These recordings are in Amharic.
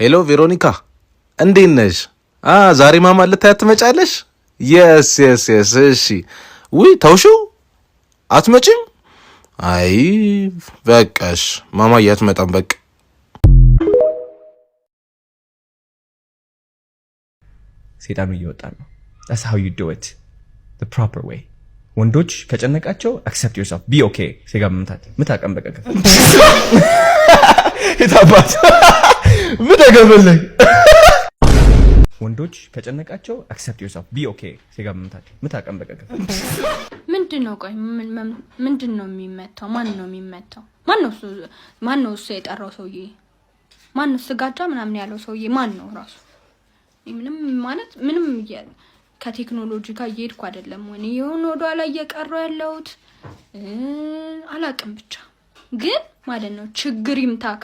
ሄሎ ቬሮኒካ እንዴት ነሽ? ዛሬ ማማ ልታያት ትመጫለሽ? የስ የስ የስ እሺ። ውይ ተውሹ አትመጪም? አይ በቃሽ ማማ እያትመጣም በቃ ሴጣኑ እየወጣ ነው። ስ ሀው ዩ ዱ ኢት ፕሮፐር ዌይ። ወንዶች ከጨነቃቸው አክሰፕት ዮርሰልፍ ቢ ኦኬ። ሴጋ ምታት ምታቀም በቀቀ የታባት ምን አገባለኝ። ወንዶች ከጨነቃቸው አክሰፕት ዮርሰልፍ ቢ ኦኬ። ሴጋ ምታቀም በቀቀ ምንድን ነው? ቆይ ምንድን ነው የሚመታው? ማን ነው የሚመታው? ማን ነው እሱ የጠራው ሰውዬ? ማን ነው ስጋጃ ምናምን ያለው ሰውዬ? ማን ነው ራሱ? ምንም ማለት ምንም ከቴክኖሎጂ ጋር እየሄድኩ አይደለም። ሆነ የሆነ ወደኋላ እየቀረሁ ያለሁት አላቅም። ብቻ ግን ማለት ነው ችግር ይምታክ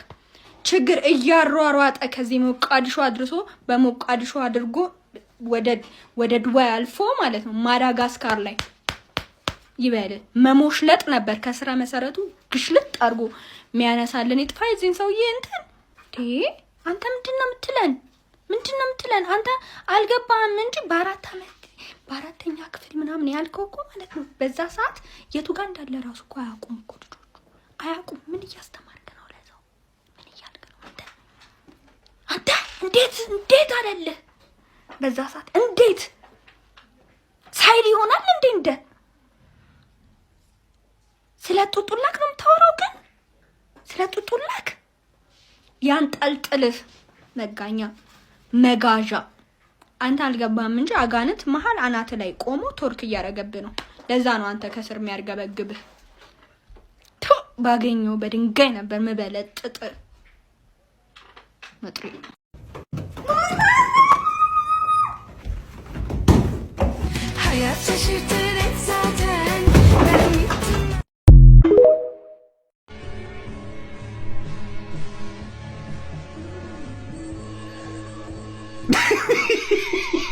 ችግር እያሯሯጠ ከዚህ ሞቃዲሾ አድርሶ በሞቃዲሾ አድርጎ ወደ ዱባይ አልፎ ማለት ነው ማዳጋስካር ላይ ይበል መሞሽለጥ ነበር። ከስራ መሰረቱ ግሽልጥ አድርጎ የሚያነሳልን ይጥፋ። የዚህን ሰውዬ እንትን አንተ ምንድን ነው የምትለን? ምንድን ነው የምትለን? አንተ አልገባህም እንጂ በአራት ዓመት በአራተኛ ክፍል ምናምን ያልከው እኮ ማለት ነው። በዛ ሰዓት የቱ ጋር እንዳለ ራሱ እኮ አያውቁም እኮ ልጆቹ አያውቁም ምን እያስተማረ እንዴት እንዴት አይደለህ በዛ ሰዓት እንዴት ሳይል ይሆናል እንዴ? እንደ ስለ ጡጡላክ ነው የምታወራው። ግን ስለ ጡጡላክ ያን ጠልጥልህ መጋኛ መጋዣ አንተ አልገባም እንጂ አጋንንት መሀል አናት ላይ ቆሞ ቶርክ እያደረገብህ ነው። ለዛ ነው አንተ ከስር የሚያርገበግብህ። ባገኘው በድንጋይ ነበር ምበለጥጥ መጥሪ Hayat şaşırtır hep zaten Ben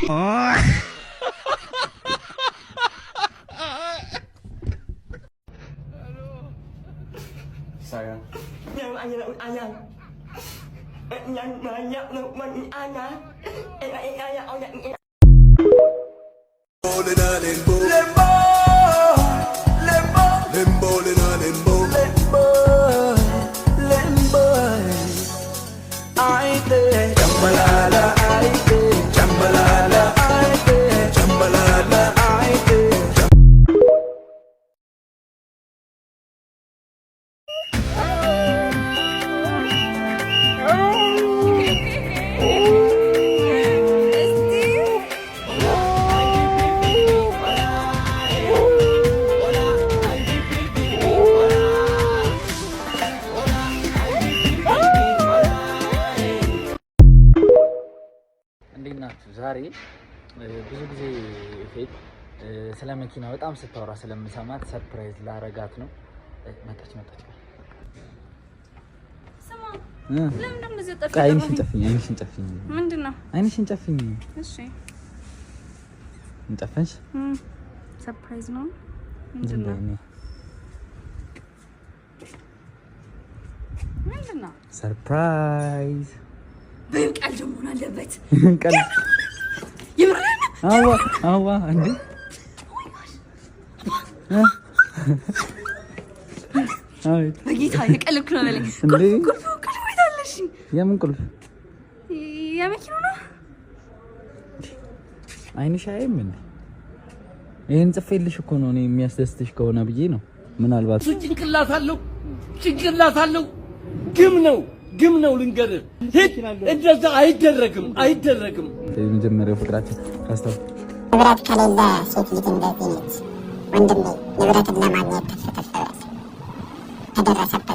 anh Sayang anh ayang anh Yang anh ayang anh ayang anh ayang እንዴት ናችሁ? ዛሬ ብዙ ጊዜ ፌት ስለ መኪና በጣም ስታወራ ስለምሰማት ሰርፕራይዝ ላረጋት ነው። መጣች መጣች። አይንሽን ጨፍኝ፣ አይንሽን ጨፍኝ። ምንድን ነው? አይንሽን ጨፍኝ። እሺ፣ ሰርፕራይዝ ነው። ምንድን ነው? ምንድን ነው? ሰርፕራይዝ ቀልድ መሆን አለበት። አዋ እንዴ! በጌታ የምን ቁልፍ? የመኪና ነው። አይንሽ አይም እንዴ? ይሄን ጽፌልሽ እኮ ነው እኔ የሚያስደስትሽ ከሆነ ብዬ ነው። ምናልባት ጭንቅላት አለው፣ ጭንቅላት አለው፣ ግም ነው ግም ነው ልንገርህ፣ እንደዛ አይደረግም፣ አይደረግም። የመጀመሪያው ፍቅራችን ካስታው ንብረት ከሌለ ሴት ልጅ እንደዚህ ነች። ወንድሜ ንብረትን ለማግኘት ተደረሰበት